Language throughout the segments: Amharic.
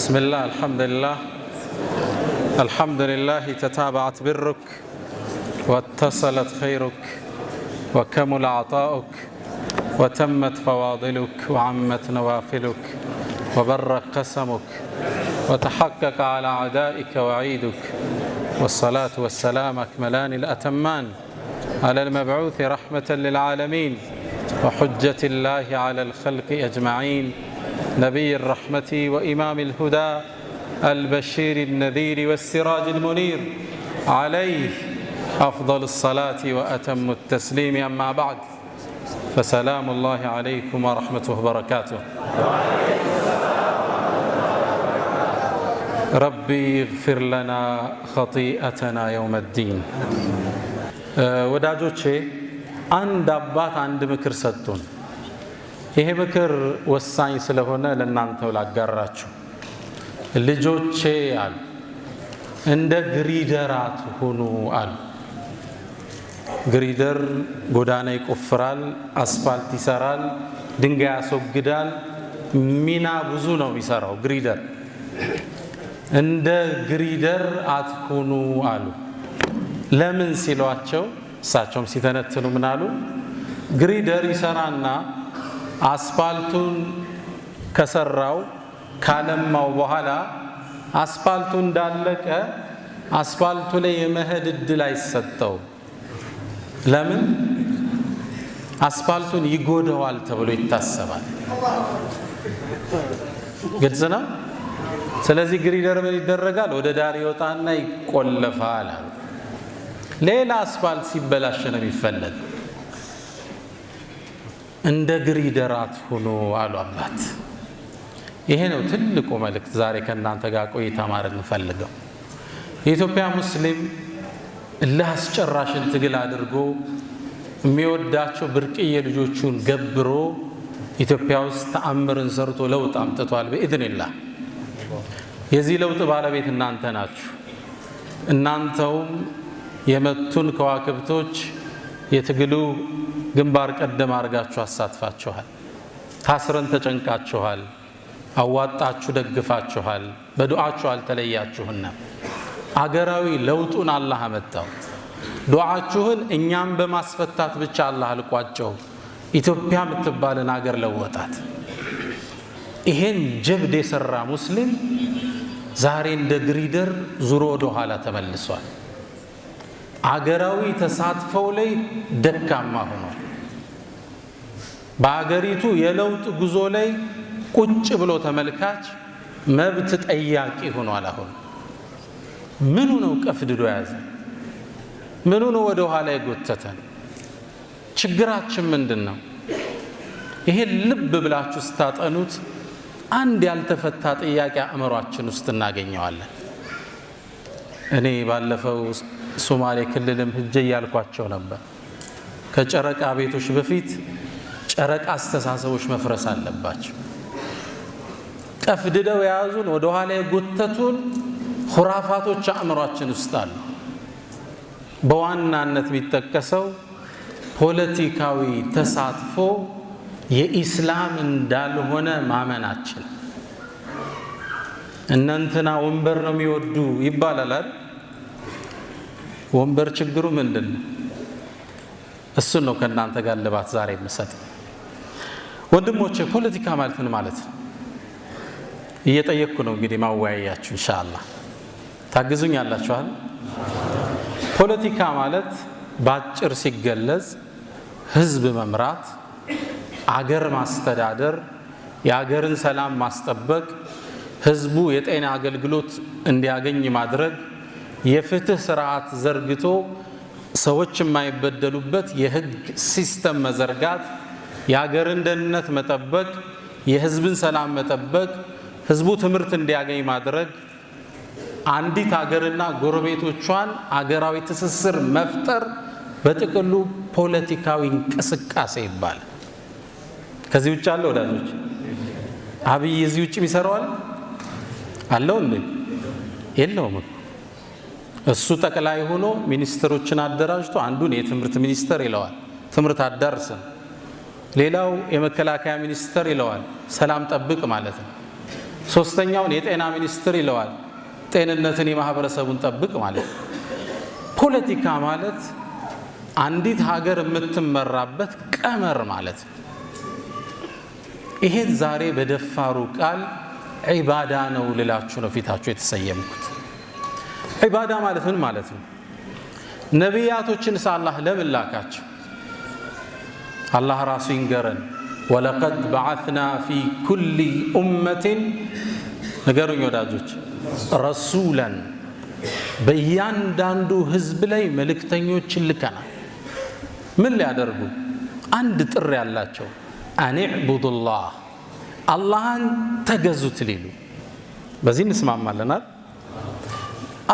بسم الله الحمد لله الحمد لله تتابعت برك واتصلت خيرك وكمل عطاؤك وتمت فواضلك وعمت نوافلك وبرق قسمك وتحقق على عدائك وعيدك والصلاة والسلام أكملان الأتمان على المبعوث رحمة للعالمين وحجة الله على الخلق أجمعين نبي الرحمة وإمام الهدى البشير النذير والسراج المنير عليه أفضل الصلاة وأتم التسليم أما بعد فسلام الله عليكم ورحمته وبركاته ربي اغفر لنا خطيئتنا يوم الدين آه، ወዳጆቼ አንድ አባት አንድ عند ሰጡን ይሄ ምክር ወሳኝ ስለሆነ ለእናንተው ላጋራችሁ። ልጆቼ አሉ እንደ ግሪደር ሁኑ አሉ። ግሪደር ጎዳና ይቆፍራል፣ አስፋልት ይሰራል፣ ድንጋይ ያስወግዳል። ሚና ብዙ ነው የሚሰራው ግሪደር። እንደ ግሪደር አትሁኑ አሉ። ለምን ሲሏቸው እሳቸውም ሲተነትኑ ምናሉ ግሪደር ይሰራና አስፋልቱን ከሰራው ካለማው በኋላ አስፓልቱ እንዳለቀ አስፓልቱ ላይ የመሄድ እድል አይሰጠው። ለምን? አስፓልቱን ይጎደዋል ተብሎ ይታሰባል። ግልጽ ነው። ስለዚህ ግሪደር ምን ይደረጋል? ወደ ዳር ይወጣና ይቆለፋል። ሌላ አስፋልት ሲበላሽ ነው የሚፈለግ እንደ ግሪደራት ሆኖ አሉ አባት። ይሄ ነው ትልቁ መልእክት ዛሬ ከእናንተ ጋር ቆይታ ማድረግ እንፈልገው። የኢትዮጵያ ሙስሊም አስጨራሽን ትግል አድርጎ የሚወዳቸው ብርቅዬ ልጆቹን ገብሮ ኢትዮጵያ ውስጥ ተአምርን ሰርቶ ለውጥ አምጥቷል። በኢድንላህ የዚህ ለውጥ ባለቤት እናንተ ናችሁ። እናንተውም የመቱን ከዋክብቶች የትግሉ ግንባር ቀደም አድርጋችሁ አሳትፋችኋል። ታስረን ተጨንቃችኋል፣ አዋጣችሁ ደግፋችኋል። በዱዓችሁ አልተለያችሁና አገራዊ ለውጡን አላህ አመጣው። ዱዓችሁን እኛም በማስፈታት ብቻ አላህ አልቋጨው። ኢትዮጵያ የምትባልን አገር ለወጣት። ይሄን ጀብድ የሰራ ሙስሊም ዛሬ እንደ ግሪደር ዙሮ ወደ ኋላ ተመልሷል። አገራዊ ተሳትፈው ላይ ደካማ ሆኗል። በአገሪቱ የለውጥ ጉዞ ላይ ቁጭ ብሎ ተመልካች መብት ጠያቂ ሆኗል። አሁን ምኑ ነው ቀፍድዶ ያዘ? ምኑ ነው ወደ ኋላ የጎተተን? ችግራችን ምንድን ነው? ይሄን ልብ ብላችሁ ስታጠኑት አንድ ያልተፈታ ጥያቄ አእምሯችን ውስጥ እናገኘዋለን። እኔ ባለፈው ሶማሌ ክልልም ህጀ እያልኳቸው ነበር። ከጨረቃ ቤቶች በፊት ጨረቃ አስተሳሰቦች መፍረስ አለባቸው። ቀፍድደው የያዙን ወደኋላ የጎተቱን ሁራፋቶች አእምሯችን ውስጥ አሉ። በዋናነት የሚጠቀሰው ፖለቲካዊ ተሳትፎ የኢስላም እንዳልሆነ ማመናችን። እነንትና ወንበር ነው የሚወዱ ይባላል። ወንበር ችግሩ ምንድን ነው? እሱን ነው ከእናንተ ጋር ልባት ዛሬ የምሰጥ ወንድሞቼ። ፖለቲካ ማለት ምን ማለት ነው? እየጠየቅኩ ነው እንግዲህ ማወያያችሁ እንሻላ ታግዙኝ ያላችኋል። ፖለቲካ ማለት በአጭር ሲገለጽ ህዝብ መምራት፣ አገር ማስተዳደር፣ የአገርን ሰላም ማስጠበቅ፣ ህዝቡ የጤና አገልግሎት እንዲያገኝ ማድረግ የፍትህ ስርዓት ዘርግቶ ሰዎች የማይበደሉበት የህግ ሲስተም መዘርጋት፣ የሀገርን ደህንነት መጠበቅ፣ የህዝብን ሰላም መጠበቅ፣ ህዝቡ ትምህርት እንዲያገኝ ማድረግ፣ አንዲት ሀገርና ጎረቤቶቿን አገራዊ ትስስር መፍጠር በጥቅሉ ፖለቲካዊ እንቅስቃሴ ይባላል። ከዚህ ውጭ አለ ወዳጆች? አብይ እዚህ ውጭ ይሰራዋል አለው እንዴ? የለውም። እሱ ጠቅላይ ሆኖ ሚኒስትሮችን አደራጅቶ አንዱን የትምህርት ሚኒስተር ይለዋል፣ ትምህርት አዳርስም፣ ሌላው የመከላከያ ሚኒስተር ይለዋል፣ ሰላም ጠብቅ ማለት ነው። ሶስተኛውን የጤና ሚኒስትር ይለዋል፣ ጤንነትን የማህበረሰቡን ጠብቅ ማለት ነው። ፖለቲካ ማለት አንዲት ሀገር የምትመራበት ቀመር ማለት ነው። ይሄን ዛሬ በደፋሩ ቃል ዒባዳ ነው ልላችሁ ነው ፊታችሁ የተሰየምኩት። ዒባዳ ማለት ምን ማለት ነው? ነቢያቶችንስ አላህ ለምን ላካቸው? አላህ ራሱ ይንገረን። ወለቀድ በዓትና ፊ ኩሊ ኡመትን ንገሩኝ ወዳጆች፣ ረሱለን በእያንዳንዱ ህዝብ ላይ መልእክተኞችን ልከናል። ምን ሊያደርጉ? አንድ ጥሪ ያላቸው አኒዕቡዱላህ አላህን ተገዙት ሊሉ። በዚህ እንስማማለናል።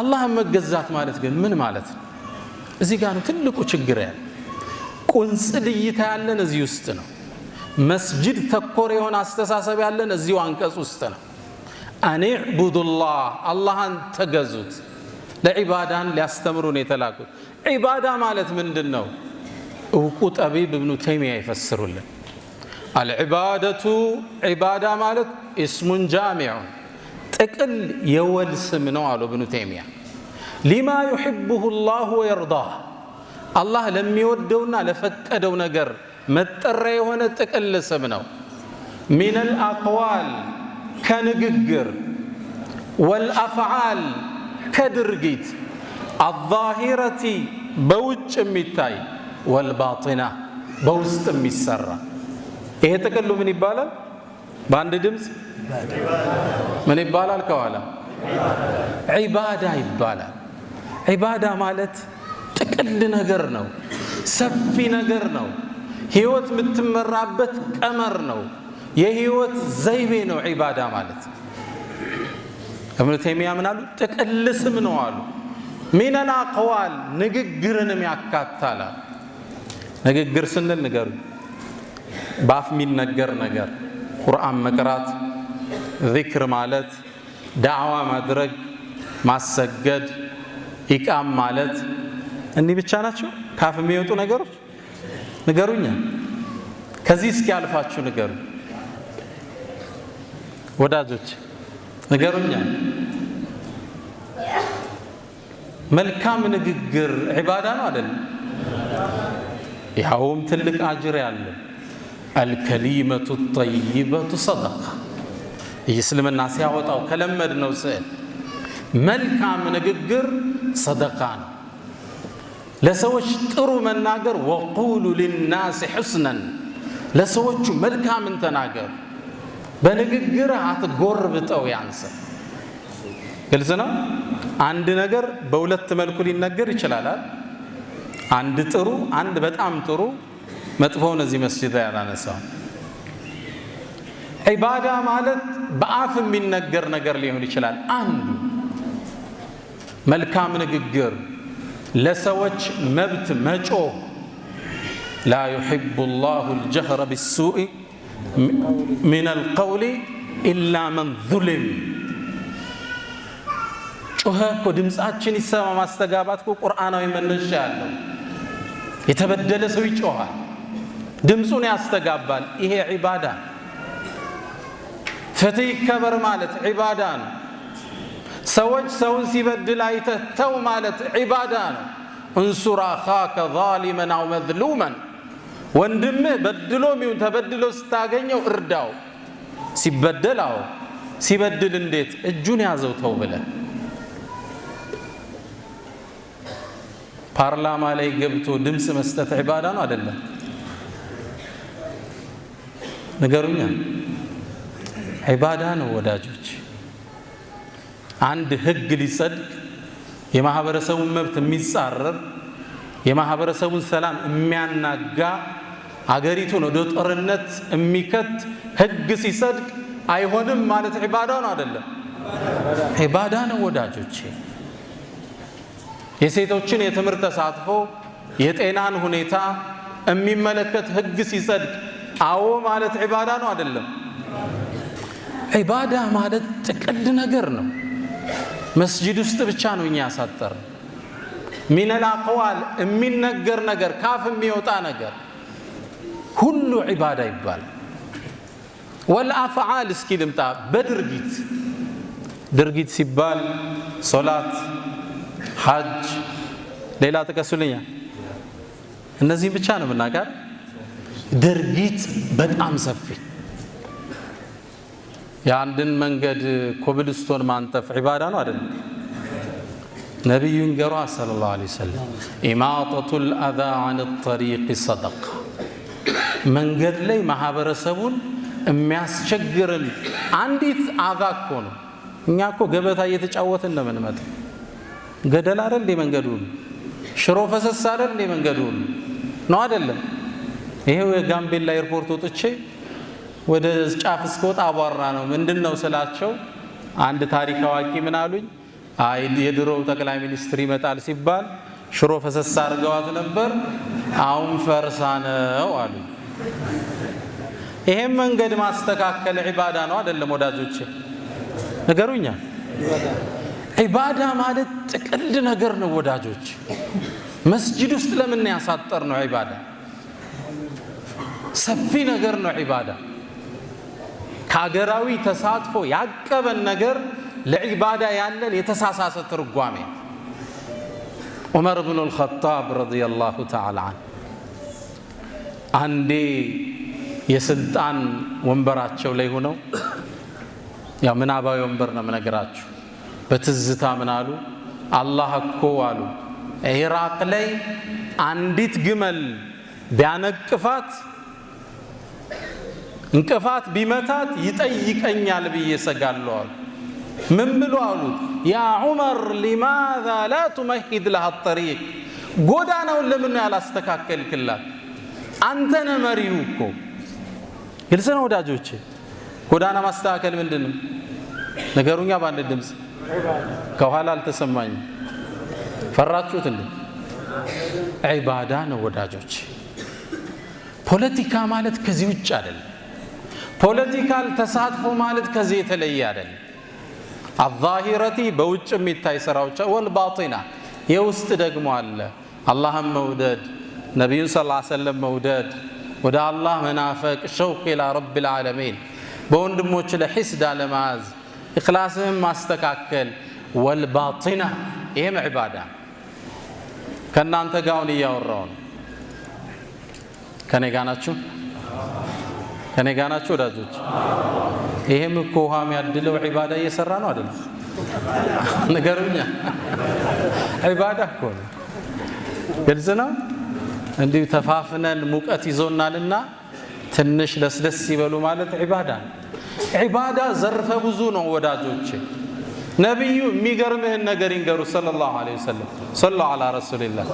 አላህን መገዛት ማለት ግን ምን ማለት ነው? እዚህ ጋር ነው ትልቁ ችግር ያለ ቁንጽል እይታ ያለን እዚህ ውስጥ ነው። መስጅድ ተኮር የሆነ አስተሳሰብ ያለን እዚሁ አንቀጽ ውስጥ ነው። አንዕቡዱላህ አላህን ተገዙት። ለዒባዳን ሊያስተምሩን የተላኩት ዒባዳ ማለት ምንድን ነው? እውቁ ጠቢብ እብኑ ተይሚያ ይፈስሩልን አልዕባደቱ ዒባዳ ማለት እስሙን ጃሚዑን ጥቅል የወል ስም ነው አሉ ብኑ ተይሚያ። ሊማ ዩሕቡሁ ላሁ ወየርዳህ አላህ ለሚወደውና ለፈቀደው ነገር መጠሪያ የሆነ ጥቅል ስም ነው። ሚነል አቅዋል ከንግግር፣ ወልአፍዓል ከድርጊት፣ አዛሂረቲ በውጭ የሚታይ ወልባጢና በውስጥ የሚሰራ ይሄ ጥቅሉ ምን ይባላል? በአንድ ድምፅ ምን ይባላል? ከኋላ ዒባዳ ይባላል። ዒባዳ ማለት ጥቅል ነገር ነው፣ ሰፊ ነገር ነው። ህይወት የምትመራበት ቀመር ነው፣ የህይወት ዘይቤ ነው። ዒባዳ ማለት እብኑ ተይሚያ ምን አሉ? ጥቅል ስም ነው አሉ። ሚነል አቅዋል ንግግርንም ያካትታል። ንግግር ስንል ንገሩ፣ በአፍ የሚነገር ነገር ቁርአን መቅራት ዚክር ማለት ዳዕዋ ማድረግ ማሰገድ ኢቃም ማለት እኒህ ብቻ ናቸው ካፍ የሚወጡ ነገሮች ንገሩኛ ከዚህ እስኪ ያልፋችሁ ንገሩ ወዳጆች ንገሩኛ መልካም ንግግር ዒባዳ ነው አይደል ይኸውም ትልቅ አጅር ያለ አልከሊመቱ ጠይበቱ ሰደቃ እስልምና ሲያወጣው ከለመድነው ስዕል መልካም ንግግር ሰደቃ ነው። ለሰዎች ጥሩ መናገር ወቁሉ ሊናስ ሑስነን ለሰዎቹ መልካምን ተናገር። በንግግር አትጎርብጠው ያንሰ። ግልጽ ነው። አንድ ነገር በሁለት መልኩ ሊነገር ይችላላል። አንድ ጥሩ፣ አንድ በጣም ጥሩ። መጥፎውን እዚህ መስጅድ ላይ አላነሳውም። ዒባዳ ማለት በአፍ የሚነገር ነገር ሊሆን ይችላል። አንዱ መልካም ንግግር፣ ለሰዎች መብት መጮ ላ ዩሕቡ ላሁ ልጀህረ ብሱኢ ምን አልቀውሊ ኢላ መን ዙልም። ጩኸ እኮ ድምፃችን ይሰማ ማስተጋባት እኮ ቁርአናዊ መነሻ ያለው የተበደለ ሰው ይጮኋል፣ ድምፁን ያስተጋባል። ይሄ ዒባዳ ፍትህ ይከበር ማለት ዒባዳ ነው። ሰዎች ሰውን ሲበድል አይተህ ተው ማለት ዒባዳ ነው። እንሱር አኻከ ዛሊመን አው መዝሉመን፣ ወንድምህ በድሎ ሚሁን ተበድሎ ስታገኘው እርዳው። ሲበደል አዎ፣ ሲበድል እንዴት እጁን ያዘው ተው ብለህ ፓርላማ ላይ ገብቶ ድምፅ መስጠት ዒባዳ ነው አይደለም? ንገሩኛ ዒባዳ ነው ወዳጆች። አንድ ህግ ሊጸድቅ የማህበረሰቡን መብት የሚጻረር የማህበረሰቡን ሰላም የሚያናጋ አገሪቱን ወደ ጦርነት የሚከት ህግ ሲጸድቅ አይሆንም ማለት ዒባዳ ነው አይደለም፣ ዒባዳ ነው ወዳጆቼ። የሴቶችን የትምህርት ተሳትፎ የጤናን ሁኔታ የሚመለከት ህግ ሲጸድቅ አዎ ማለት ዒባዳ ነው አይደለም ዒባዳ ማለት ጥቅድ ነገር ነው። መስጂድ ውስጥ ብቻ ነው እኛ ያሳጠር ሚነል አቅዋል የሚነገር ነገር ካፍ የሚወጣ ነገር ሁሉ ዒባዳ ይባላል። ወልአፍዓል እስኪ ልምጣ በድርጊት ድርጊት ሲባል ሶላት፣ ሐጅ፣ ሌላ ጥቀሱልኛ። እነዚህም ብቻ ነው የምናውቃል። ድርጊት በጣም ሰፊ የአንድን መንገድ ኮብልስቶን ማንጠፍ ዒባዳ ነው አይደለም? ነቢዩ እንገሯ ሰለላሁ ዐለይሂ ወሰለም ኢማጠቱል አዛ አን ጠሪቅ ሰደቃ፣ መንገድ ላይ ማህበረሰቡን የሚያስቸግርን አንዲት አዛ እኮ ነው። እኛ እኮ ገበታ እየተጫወትን ነው የምንመጣ። ገደል አይደል እንዴ መንገዱን? ሽሮ ፈሰስ አይደል እንዴ መንገዱን? ነው አይደለም? ይሄው የጋምቤላ ኤርፖርት ወጥቼ ወደ ጫፍ እስከወጣ አቧራ ነው። ምንድን ነው ስላቸው፣ አንድ ታሪክ አዋቂ ምን አሉኝ? አይ የድሮው ጠቅላይ ሚኒስትር ይመጣል ሲባል ሽሮ ፈሰስ አድርገዋት ነበር፣ አሁን ፈርሳ ነው አሉኝ። መንገድ ማስተካከል ዒባዳ ነው አይደለም? ወዳጆች ነገሩኛ ዒባዳ ማለት ጥቅል ነገር ነው ወዳጆች። መስጂድ ውስጥ ለምን ያሳጠር ነው ዒባዳ ሰፊ ነገር ነው ዒባዳ ከሀገራዊ ተሳትፎ ያቀበን ነገር ለዒባዳ ያለን የተሳሳሰ ትርጓሜ ዑመር ብኑ ልኸጣብ ረዲየላሁ ተዓላ አን አንዴ የስልጣን ወንበራቸው ላይ ሆነው ያው ምናባዊ ወንበር ነው የምነግራችሁ። በትዝታ ምን አሉ? አላህ እኮ አሉ ኢራቅ ላይ አንዲት ግመል ቢያነቅፋት እንቅፋት ቢመታት ይጠይቀኛል ብዬ ሰጋለሁ አሉ። ምን ብሎ አሉት? ያ ዑመር ሊማዛ ላ ቱመሂድ ለሃ ጠሪቅ፣ ጎዳናውን ለምን ያላስተካከልክላት? አንተነ መሪው እኮ። ግልጽ ነው ወዳጆቼ። ጎዳና ማስተካከል ምንድን ነው? ነገሩኛ በአንድ ድምፅ ከኋላ አልተሰማኝም። ፈራችሁት እንዴ? ዒባዳ ነው ወዳጆች። ፖለቲካ ማለት ከዚህ ውጭ አይደለም። ፖለቲካል ተሳትፎ ማለት ከዚህ የተለየ አይደለም። አዛሂረቲ በውጭ የሚታይ ስራዎች ወልባጢና የውስጥ ደግሞ አለ። አላህን መውደድ፣ ነቢዩን ስ ሰለም መውደድ፣ ወደ አላህ መናፈቅ፣ ሸውቅ ላ ረብ ልዓለሚን፣ በወንድሞች ለሒስድ አለማዝ፣ እክላስህን ማስተካከል። ወልባጢና ይህም ዕባዳ ከእናንተ ጋውን እያወራውን ከኔ ጋ ናችሁ ከኔ ጋ ናችሁ ወዳጆች? ይሄም እኮ ውሃ የሚያድለው ዒባዳ እየሰራ ነው አይደል? ነገሩኛ ዒባዳ እኮ ነው። ግልጽ ነው። እንዲሁ ተፋፍነን ሙቀት ይዞናልና ትንሽ ለስለስ ይበሉ ማለት ዒባዳ ነው። ዒባዳ ዘርፈ ብዙ ነው ወዳጆች። ነቢዩ የሚገርምህን ነገር ይንገሩ ሰለላሁ ዐለይሂ ወሰለም ሰሉ ዐላ ረሱሊላህ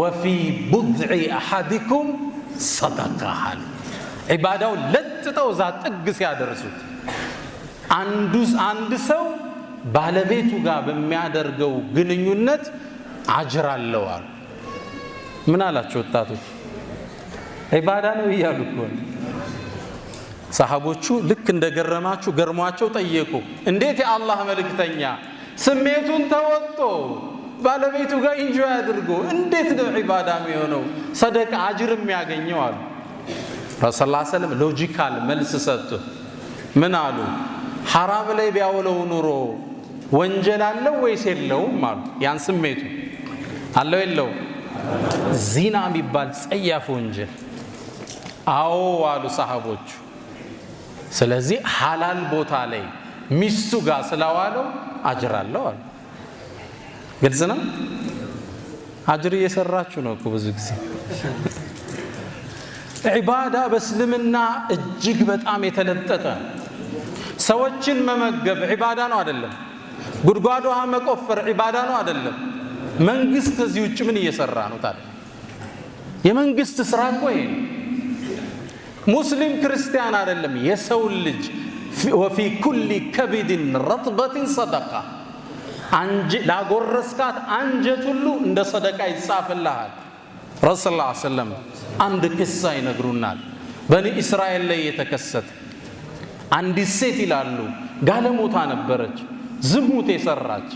ወፊ ቡድዒ አሐዲኩም ሰደቃሃል ዒባዳውን ለጥጠው እዛ ጥግ ሲያደርሱት አንድ ሰው ባለቤቱ ጋር በሚያደርገው ግንኙነት አጅር አለዋል። ምን አላቸው ወጣቶች? ዒባዳ ነው እያሉ ሰሃቦቹ ልክ እንደገረማችሁ ገርሟቸው ጠየቁ። እንዴት የአላህ መልእክተኛ ስሜቱን ተወጦ ባለቤቱ ጋር ኢንጆ አድርጎ እንዴት ነው ዒባዳ የሚሆነው ሰደቃ አጅር የሚያገኘው አሉ። ረሱል ስለም ሎጂካል መልስ ሰጡ። ምን አሉ? ሐራም ላይ ቢያውለው ኑሮ ወንጀል አለው ወይስ የለውም አሉ። ያን ስሜቱ አለው የለው? ዚና የሚባል ጸያፍ ወንጀል አዎ አሉ ሰሃቦቹ። ስለዚህ ሐላል ቦታ ላይ ሚስቱ ጋር ስለዋለው አለው አሉ። ግልጽ ነው። አጅር እየሰራችሁ ነው እኮ ብዙ ጊዜ ዒባዳ በእስልምና እጅግ በጣም የተለጠጠ ሰዎችን መመገብ ዒባዳ ነው አይደለም? ጉድጓድ ውሃ መቆፈር ዒባዳ ነው አይደለም? መንግስት እዚህ ውጭ ምን እየሰራ ነው ታዲያ? የመንግስት ስራ እኮ ይሄ ሙስሊም ክርስቲያን አይደለም። የሰው ልጅ ወፊ ኩሊ ከቢድን ረጥበትን ሰደቃ ላጎረስካት አንጀት ሁሉ እንደ ሰደቃ ይጻፍልሃል። ረሱ ላ ሰለም አንድ ክሳ ይነግሩናል። በኒ እስራኤል ላይ የተከሰተ አንዲት ሴት ይላሉ ጋለሞታ ነበረች፣ ዝሙት የሰራች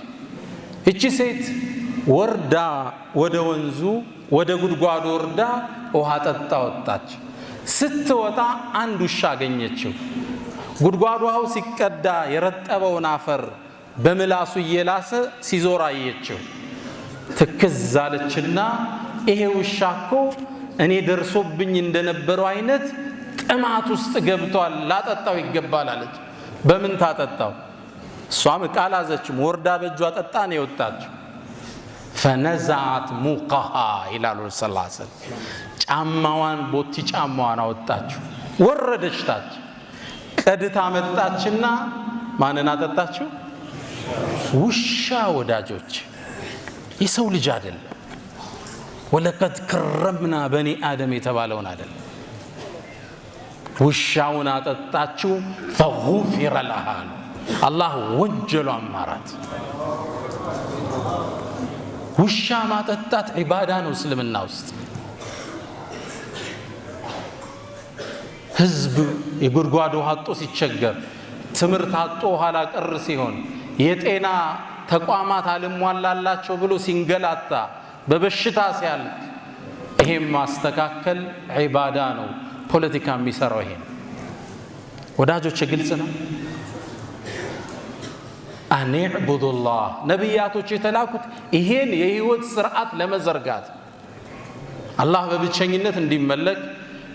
እቺ ሴት ወርዳ ወደ ወንዙ ወደ ጉድጓድ ወርዳ ውሃ ጠጣ ወጣች። ስትወጣ አንድ ውሻ አገኘችው። ጉድጓዷው ሲቀዳ የረጠበውን አፈር በምላሱ እየላሰ ሲዞር አየችው። ትክዝ አለችና ይሄ ውሻ እኮ እኔ ደርሶብኝ እንደነበረው አይነት ጥማት ውስጥ ገብቷል፣ ላጠጣው ይገባል አለች። በምን ታጠጣው? እሷም ዕቃ አላዘችም። ወርዳ በእጇ ጠጣ ነው የወጣችው። ፈነዛት ሙቃሃ ይላሉ ስላ ጫማዋን ቦቲ ጫማዋን አወጣችሁ፣ ወረደች ታች ቀድታ መጣችና ማንን አጠጣችው ውሻ ወዳጆች የሰው ልጅ አይደለም። ወለቀድ ከረምና በኒ አደም የተባለውን አይደለም። ውሻውን አጠጣችው ፈጉፊረ ለሃ አላህ ወንጀሉ አማራት። ውሻ ማጠጣት ዒባዳ ነው እስልምና ውስጥ። ህዝብ የጉድጓድ ውሃ ሲቸገር፣ ትምህርት አጦ ኋላ ቀር ሲሆን የጤና ተቋማት አልሟላላቸው ብሎ ሲንገላታ በበሽታ ሲያልቅ ይሄም ማስተካከል ዒባዳ ነው። ፖለቲካ የሚሰራው ይሄ ወዳጆች ግልጽ ነው። አኒዕቡዱላህ ነቢያቶች የተላኩት ይሄን የህይወት ስርዓት ለመዘርጋት አላህ በብቸኝነት እንዲመለክ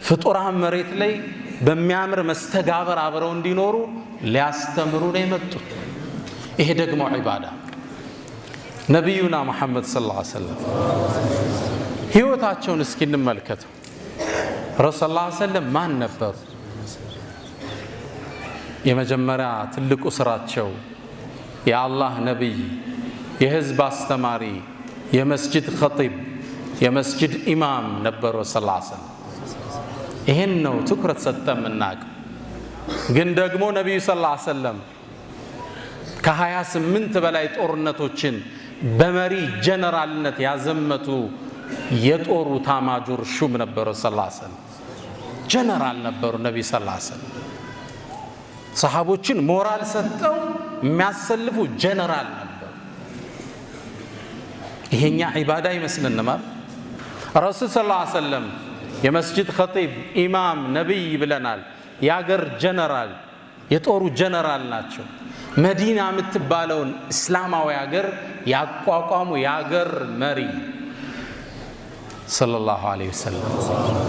ፍጡራን መሬት ላይ በሚያምር መስተጋበር አብረው እንዲኖሩ ሊያስተምሩ ነው የመጡት። ይሄ ደግሞ ዒባዳ ነቢዩና መሐመድ ሰለላሁ ዐለይሂ ወሰለም ህይወታቸውን እስኪ እንመልከተው ረሱል ሰለላሁ ዐለይሂ ማን ነበሩ? የመጀመሪያ ትልቁ ስራቸው የአላህ ነቢይ፣ የህዝብ አስተማሪ፣ የመስጅድ ኸጢብ፣ የመስጅድ ኢማም ነበሩ። ረሱል ሰለላሁ ይህን ነው ትኩረት ሰጠ የምናውቅ ግን ደግሞ ነቢዩ ሰለላሁ ዐለይሂ ወሰለም ከ28 በላይ ጦርነቶችን በመሪ ጀነራልነት ያዘመቱ የጦሩ ታማጆር ሹም ነበሩ። ሰላሰን ጀነራል ነበሩ። ነቢ ሰላሰን ሰሃቦችን ሞራል ሰጠው የሚያሰልፉ ጀነራል ነበሩ። ይሄኛ ዒባዳ ይመስልንማል። ረሱል ስ ላ ሰለም የመስጅድ ኸጢብ፣ ኢማም፣ ነቢይ ብለናል። የአገር ጀነራል፣ የጦሩ ጀነራል ናቸው። መዲና የምትባለውን እስላማዊ ሀገር ያቋቋሙ የሀገር መሪ ሰለላሁ ዐለይሂ ወሰለም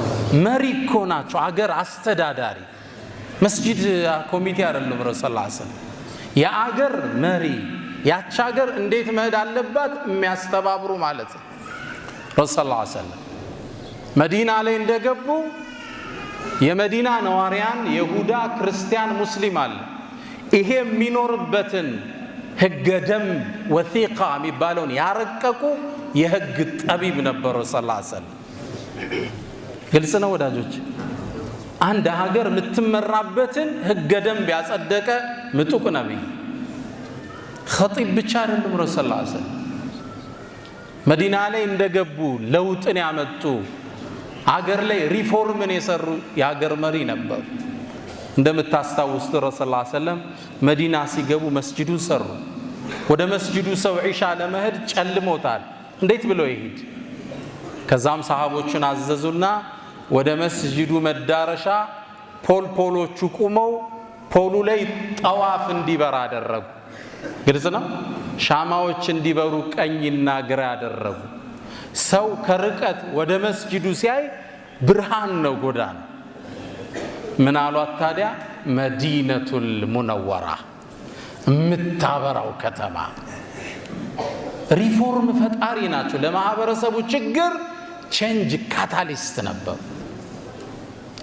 መሪ እኮ ናቸው። አገር አስተዳዳሪ መስጂድ ኮሚቴ አይደለም። ረሱ ላ የአገር መሪ ያች ሀገር እንዴት መሄድ አለባት የሚያስተባብሩ ማለት ነው። ረሱ ላ መዲና ላይ እንደገቡ የመዲና ነዋሪያን የሁዳ ክርስቲያን፣ ሙስሊም አለ ይሄ የሚኖርበትን ህገ ደንብ ወቲቃ የሚባለውን ያረቀቁ የህግ ጠቢብ ነበሩ። ሰላ ሰለም ግልጽ ነው ወዳጆች። አንድ ሀገር የምትመራበትን ህገ ደንብ ያጸደቀ ምጡቅ ነቢይ ኸጢብ ብቻ አይደሉም። ረሱ ስ ሰለም መዲና ላይ እንደገቡ ለውጥን ያመጡ አገር ላይ ሪፎርምን የሰሩ የሀገር መሪ ነበሩ። እንደምታስታውሱት ረሱል ሰለላሁ ዐለይሂ ወሰለም መዲና ሲገቡ መስጂዱን ሰሩ። ወደ መስጂዱ ሰው ዒሻ ለመሄድ ጨልሞታል፣ እንዴት ብሎ ይሄድ! ከዛም ሰሃቦችን አዘዙና ወደ መስጂዱ መዳረሻ ፖል ፖሎቹ ቁመው ፖሉ ላይ ጠዋፍ እንዲበራ አደረጉ። ግልጽ ነው። ሻማዎች እንዲበሩ ቀኝና ግራ አደረጉ። ሰው ከርቀት ወደ መስጂዱ ሲያይ ብርሃን ነው ጎዳና ምን አሏት ታዲያ? መዲነቱል ሙነወራ የምታበራው ከተማ። ሪፎርም ፈጣሪ ናቸው። ለማህበረሰቡ ችግር ቼንጅ ካታሊስት ነበሩ።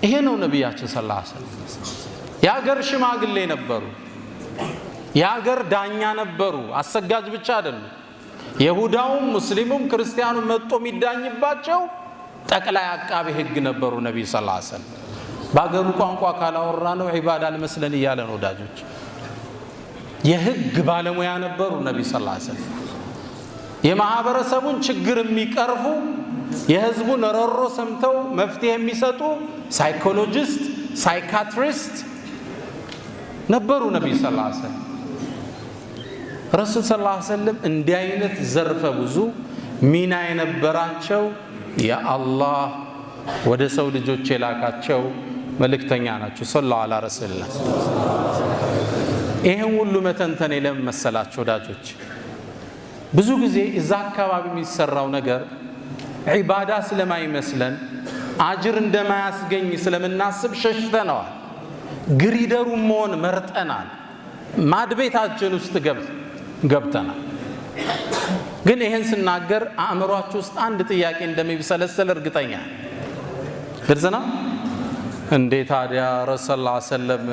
ይሄ ነው ነቢያችን ስላ የሀገር ሽማግሌ ነበሩ። የአገር ዳኛ ነበሩ። አሰጋጅ ብቻ አይደሉም። የይሁዳውም ሙስሊሙም ክርስቲያኑ መጦ የሚዳኝባቸው ጠቅላይ አቃቤ ሕግ ነበሩ ነቢዩ ስላ በአገሩ ቋንቋ ካላወራ ነው ዒባዳ ልመስለን እያለ ነው። ወዳጆች የህግ ባለሙያ ነበሩ ነቢ ስ ሰለም። የማህበረሰቡን ችግር የሚቀርፉ የህዝቡን ረሮ ሰምተው መፍትሄ የሚሰጡ ሳይኮሎጂስት፣ ሳይካትሪስት ነበሩ ነቢ ስ ሰለም። ረሱል ስ ሰለም እንዲህ አይነት ዘርፈ ብዙ ሚና የነበራቸው የአላህ ወደ ሰው ልጆች የላካቸው መልእክተኛ ናቸው። ሰላ አላ ረሱልላ። ይህን ሁሉ መተንተኔ ለምን መሰላችሁ ወዳጆች? ብዙ ጊዜ እዛ አካባቢ የሚሰራው ነገር ዒባዳ ስለማይመስለን አጅር እንደማያስገኝ ስለምናስብ ሸሽተነዋል። ግሪደሩ መሆን መርጠናል። ማድቤታችን ውስጥ ገብተናል። ግን ይህን ስናገር አእምሯችሁ ውስጥ አንድ ጥያቄ እንደሚብሰለሰል እርግጠኛ ግልጽ ነው። እንዴ ታዲያ ረሱል ሰለም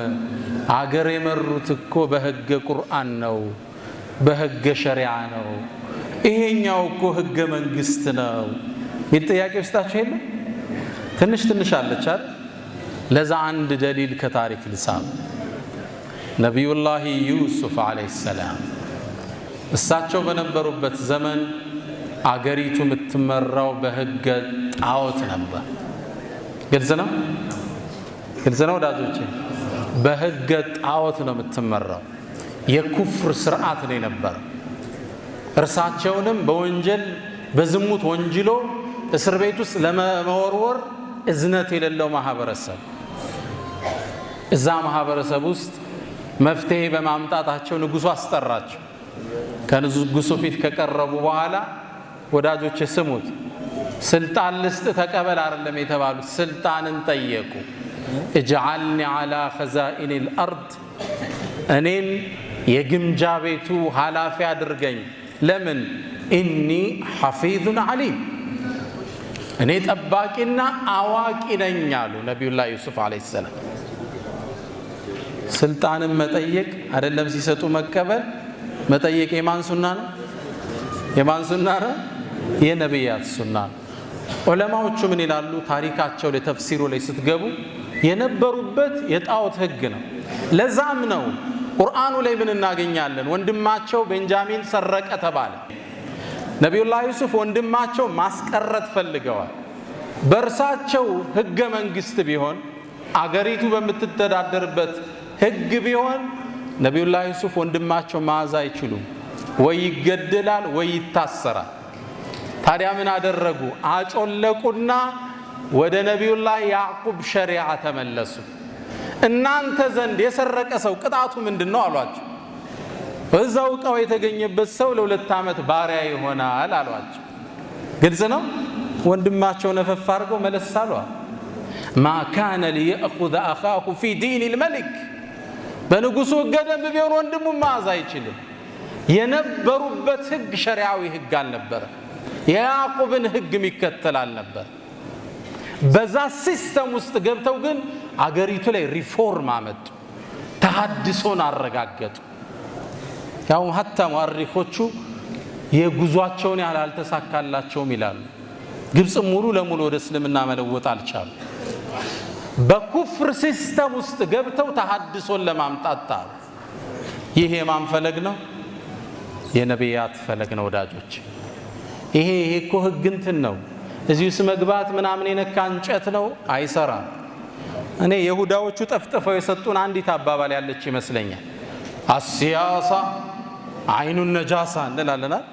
አገር የመሩት እኮ በህገ ቁርአን ነው፣ በህገ ሸሪዓ ነው። ይሄኛው እኮ ህገ መንግስት ነው። ይህ ጥያቄ ውስጣችሁ የለ? ትንሽ ትንሽ አለቻል። ለዛ አንድ ደሊል ከታሪክ ልሳብ ነቢዩላሂ ዩሱፍ ዓለይሂ ሰላም እሳቸው በነበሩበት ዘመን አገሪቱ የምትመራው በህገ ጣዖት ነበር። ግልጽ ነው። ግልጽ ነው ወዳጆች፣ በህገ ጣዖት ነው የምትመራው። የኩፍር ስርዓት ነው የነበረ። እርሳቸውንም በወንጀል በዝሙት ወንጅሎ እስር ቤት ውስጥ ለመወርወር እዝነት የሌለው ማህበረሰብ እዛ ማህበረሰብ ውስጥ መፍትሄ በማምጣታቸው ንጉሱ አስጠራቸው። ከንጉሱ ፊት ከቀረቡ በኋላ ወዳጆች ስሙት፣ ስልጣን ልስጥ ተቀበል አይደለም የተባሉት፣ ስልጣንን ጠየቁ። እጅዓልኒ ዓላ ኸዛኢን ልአርድ እኔን የግምጃ ቤቱ ኃላፊ አድርገኝ። ለምን ኢኒ ሐፊዙን ዓሊም እኔ ጠባቂና አዋቂ ነኝ አሉ ነቢዩላህ ዩሱፍ ዓለይሂ ሰላም። ስልጣንን መጠየቅ አይደለም ሲሰጡ መቀበል። መጠየቅ የማን ሱና ነው? የማን ሱና ነው? የነቢያት ሱና ነው። ዑለማዎቹ ምን ይላሉ? ታሪካቸው ላይ ተፍሲሩ ላይ ስትገቡ የነበሩበት የጣዖት ህግ ነው። ለዛም ነው ቁርአኑ ላይ ምን እናገኛለን? ወንድማቸው ቤንጃሚን ሰረቀ ተባለ። ነቢዩላህ ዩሱፍ ወንድማቸው ማስቀረት ፈልገዋል። በእርሳቸው ህገ መንግስት ቢሆን አገሪቱ በምትተዳደርበት ህግ ቢሆን ነቢዩላህ ዩሱፍ ወንድማቸው መያዝ አይችሉም። ወይ ይገደላል ወይ ይታሰራል። ታዲያ ምን አደረጉ? አጮለቁና ወደ ነቢዩላህ ያዕቁብ ሸሪዓ ተመለሱ። እናንተ ዘንድ የሰረቀ ሰው ቅጣቱ ምንድን ነው አሏቸው። እዛው እቃው የተገኘበት ሰው ለሁለት ዓመት ባሪያ ይሆናል አሏቸው። ግልጽ ነው። ወንድማቸው ነፈፍ አድርገው መለስ አሏል። ማ ካነ ሊየእኹዘ አኻሁ ፊ ዲን ልመሊክ በንጉሱ ህገ ደንብ ቢሆን ወንድሙ መያዝ አይችልም። የነበሩበት ህግ ሸሪዓዊ ህግ አልነበረ። የያዕቁብን ህግ የሚከተል አልነበረ። በዛ ሲስተም ውስጥ ገብተው ግን አገሪቱ ላይ ሪፎርም አመጡ፣ ተሃድሶን አረጋገጡ። ያውም ሀታ ሙአሪኮቹ የጉዟቸውን ያህል አልተሳካላቸውም ይላሉ። ግብፅ ሙሉ ለሙሉ ወደ እስልምና መለወጥ አልቻሉ። በኩፍር ሲስተም ውስጥ ገብተው ተሃድሶን ለማምጣጣ ይህ የማን ፈለግ ነው? የነቢያት ፈለግ ነው ወዳጆች። ይሄ ይሄ እኮ ህግ እንትን ነው እዚህ ስ መግባት ምናምን የነካ እንጨት ነው አይሰራም። እኔ የሁዳዎቹ ጠፍጥፈው የሰጡን አንዲት አባባል ያለች ይመስለኛል። አሲያሳ አይኑን ነጃሳ እንላለናል።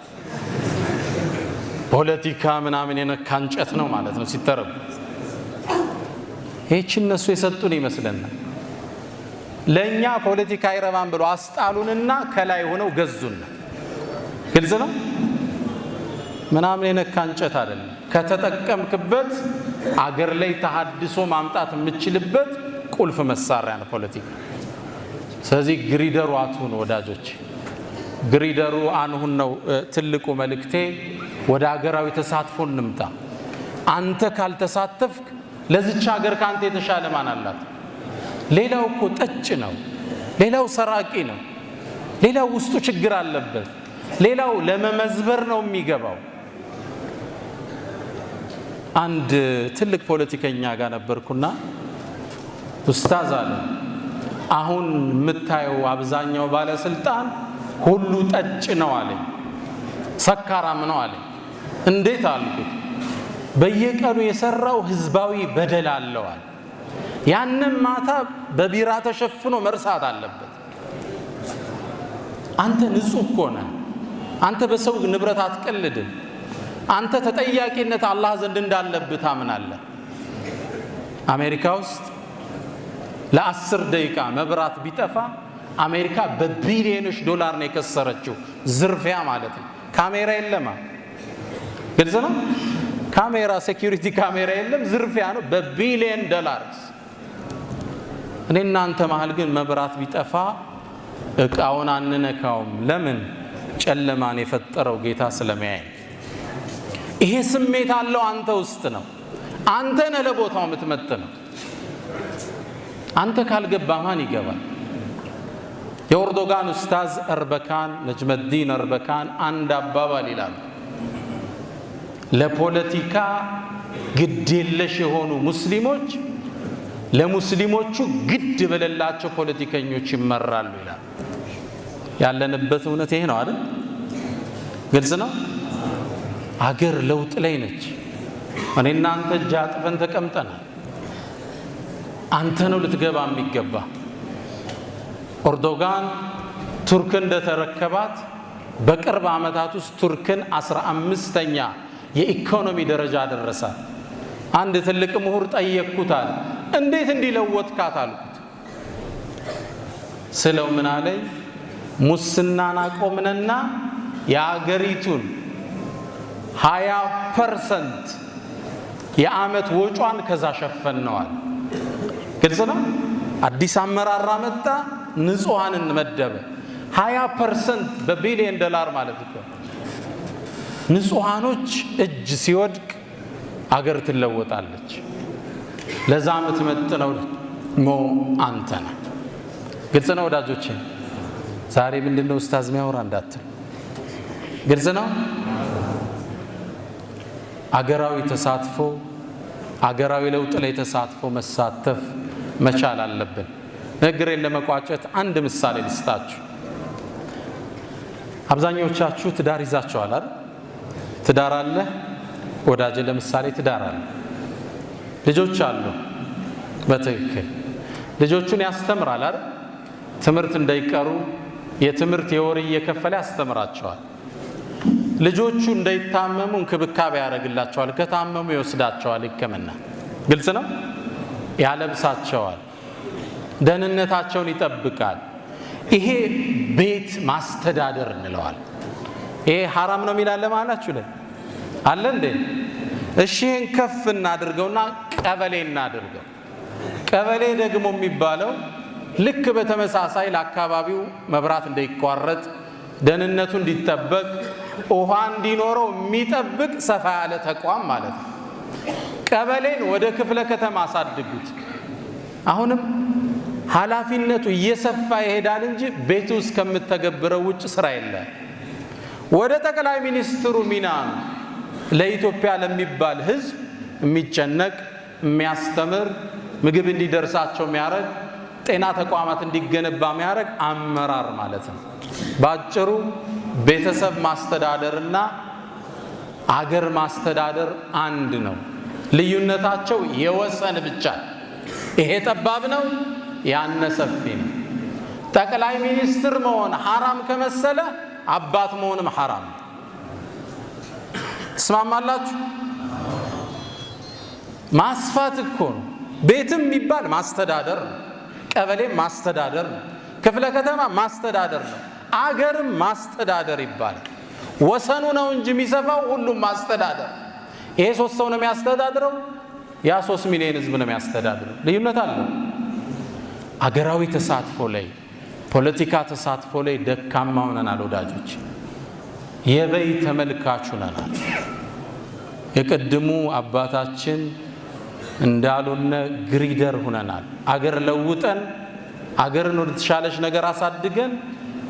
ፖለቲካ ምናምን የነካ እንጨት ነው ማለት ነው ሲተረጉ። ይህች እነሱ የሰጡን ይመስለናል። ለእኛ ፖለቲካ አይረባም ብሎ አስጣሉንና ከላይ ሆነው ገዙን። ግልጽ ነው። ምናምን የነካ እንጨት አይደለም። ከተጠቀምክበት አገር ላይ ተሃድሶ ማምጣት የምችልበት ቁልፍ መሳሪያ ነው ፖለቲካ። ስለዚህ ግሪደሩ አትሁን ወዳጆች፣ ግሪደሩ አንሁን ነው ትልቁ መልእክቴ። ወደ ሀገራዊ ተሳትፎ እንምጣ። አንተ ካልተሳተፍክ ለዚች ሀገር ከአንተ የተሻለ ማን አላት? ሌላው እኮ ጠጭ ነው። ሌላው ሰራቂ ነው። ሌላው ውስጡ ችግር አለበት። ሌላው ለመመዝበር ነው የሚገባው። አንድ ትልቅ ፖለቲከኛ ጋር ነበርኩና ኡስታዝ አለ፣ አሁን የምታየው አብዛኛው ባለስልጣን ሁሉ ጠጭ ነው አለ ሰካራም ነው አለ እንዴት አልኩት። በየቀኑ የሰራው ህዝባዊ በደል አለዋል። ያንም ማታ በቢራ ተሸፍኖ መርሳት አለበት። አንተ ንጹህ እኮ አንተ በሰው ንብረት አትቀልድም። አንተ ተጠያቂነት አላህ ዘንድ እንዳለብህ ታምናለህ። አሜሪካ ውስጥ ለአስር ደቂቃ መብራት ቢጠፋ አሜሪካ በቢሊዮኖች ዶላር ነው የከሰረችው፣ ዝርፊያ ማለት ነው። ካሜራ የለማ፣ ግልጽ ነው። ካሜራ ሴኪሪቲ ካሜራ የለም፣ ዝርፊያ ነው በቢሊዮን ዶላር። እኔ እናንተ መሀል ግን መብራት ቢጠፋ እቃውን አንነካውም። ለምን? ጨለማን የፈጠረው ጌታ ስለሚያይ ይሄ ስሜት አለው አንተ ውስጥ ነው። አንተ ነ ለቦታው የምትመጥ ነው። አንተ ካልገባ ማን ይገባል? የኦርዶጋን ኡስታዝ እርበካን ነጅመዲን እርበካን አንድ አባባል ይላሉ። ለፖለቲካ ግድለሽ የሆኑ ሙስሊሞች ለሙስሊሞቹ ግድ በሌላቸው ፖለቲከኞች ይመራሉ ይላል። ያለንበት እውነት ይሄ ነው አይደል? ግልጽ ነው። አገር ለውጥ ላይ ነች። እኔ እናንተ እጅ አጥፈን ተቀምጠናል። አንተ ነው ልትገባ የሚገባ። ኤርዶጋን ቱርክን እንደተረከባት በቅርብ ዓመታት ውስጥ ቱርክን አስራ አምስተኛ የኢኮኖሚ ደረጃ አደረሳት። አንድ ትልቅ ምሁር ጠየቅኩታል። እንዴት እንዲለወጥካት አልኩት። ስለው ምን ሙስናን አቆምንና የአገሪቱን ሀያ ፐርሰንት የአመት ወጯን ከዛ ሸፈነዋል። ግልጽ ነው። አዲስ አመራር መጣ፣ ንጹሐንን መደበ። ሀያ ፐርሰንት በቢሊየን ዶላር ማለት እኮ ንጹሐኖች እጅ ሲወድቅ አገር ትለወጣለች። ለዛ የምትመጥነው ሞ አንተ ነ ግልጽ ነው ወዳጆቼ። ዛሬ ምንድነው ኡስታዝ ሚያወራ እንዳትል፣ ግልጽ ነው። አገራዊ ተሳትፎ አገራዊ ለውጥ ላይ ተሳትፎ መሳተፍ መቻል አለብን። ንግግሬን ለመቋጨት አንድ ምሳሌ ልስጣችሁ። አብዛኞቻችሁ ትዳር ይዛችኋል አይደል? ትዳር አለ ወዳጅ፣ ለምሳሌ ትዳር አለ፣ ልጆች አሉ። በትክክል ልጆቹን ያስተምራል አይደል? ትምህርት እንዳይቀሩ የትምህርት የወር እየከፈለ ያስተምራቸዋል። ልጆቹ እንዳይታመሙ እንክብካቤ ያደርግላቸዋል። ከታመሙ ይወስዳቸዋል፣ ይከመናል። ግልጽ ነው። ያለብሳቸዋል፣ ደህንነታቸውን ይጠብቃል። ይሄ ቤት ማስተዳደር እንለዋል። ይሄ ሐራም ነው የሚላለ ማላችሁ ላይ አለ እንዴ? እሺ ይህን ከፍ እናድርገውና ቀበሌ እናድርገው። ቀበሌ ደግሞ የሚባለው ልክ በተመሳሳይ ለአካባቢው መብራት እንዳይቋረጥ ደህንነቱ እንዲጠበቅ ውሃ እንዲኖረው የሚጠብቅ ሰፋ ያለ ተቋም ማለት ነው። ቀበሌን ወደ ክፍለ ከተማ አሳድጉት። አሁንም ኃላፊነቱ እየሰፋ ይሄዳል እንጂ ቤት ውስጥ ከምተገብረው ውጭ ስራ የለ። ወደ ጠቅላይ ሚኒስትሩ ሚና ለኢትዮጵያ ለሚባል ህዝብ የሚጨነቅ የሚያስተምር ምግብ እንዲደርሳቸው የሚያደርግ ጤና ተቋማት እንዲገነባ የሚያደርግ አመራር ማለት ነው በአጭሩ ቤተሰብ ማስተዳደርና አገር ማስተዳደር አንድ ነው። ልዩነታቸው የወሰን ብቻ። ይሄ ጠባብ ነው፣ ያነ ሰፊ ነው። ጠቅላይ ሚኒስትር መሆን ሐራም ከመሰለ አባት መሆንም ሐራም። ትስማማላችሁ? ማስፋት እኮ ነው። ቤትም የሚባል ማስተዳደር ነው። ቀበሌም ማስተዳደር ነው። ክፍለ ከተማ ማስተዳደር ነው። አገር ማስተዳደር ይባላል። ወሰኑ ነው እንጂ የሚሰፋው ሁሉም ማስተዳደር። ይሄ ሶስት ሰው ነው የሚያስተዳድረው፣ ያ ሶስት ሚሊዮን ህዝብ ነው የሚያስተዳድረው። ልዩነት አለው። አገራዊ ተሳትፎ ላይ ፖለቲካ ተሳትፎ ላይ ደካማ ሆነናል ወዳጆች፣ የበይ ተመልካች ሆነናል። የቅድሙ አባታችን እንዳሉነ ግሪደር ሆነናል። አገር ለውጠን አገርን ወደ ተሻለች ነገር አሳድገን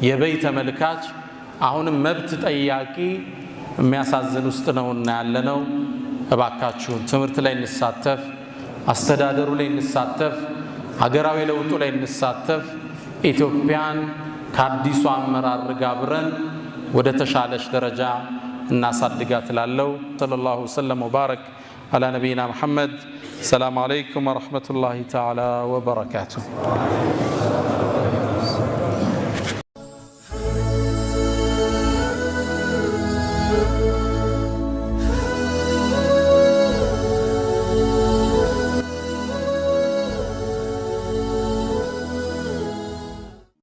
የበይ ተመልካች አሁንም መብት ጠያቂ የሚያሳዝን ውስጥ ነውና ያለነው። እባካችሁን ትምህርት ላይ እንሳተፍ፣ አስተዳደሩ ላይ እንሳተፍ፣ ሀገራዊ ለውጡ ላይ እንሳተፍ። ኢትዮጵያን ከአዲሱ አመራር ጋር አብረን ወደ ተሻለች ደረጃ እናሳድጋ ትላለው ሰለላሁ ወሰለም ወባረክ አላ ነቢይና ሙሐመድ። ሰላም አለይኩም ወረሕመቱላሂ ተዓላ ወበረካቱሁ።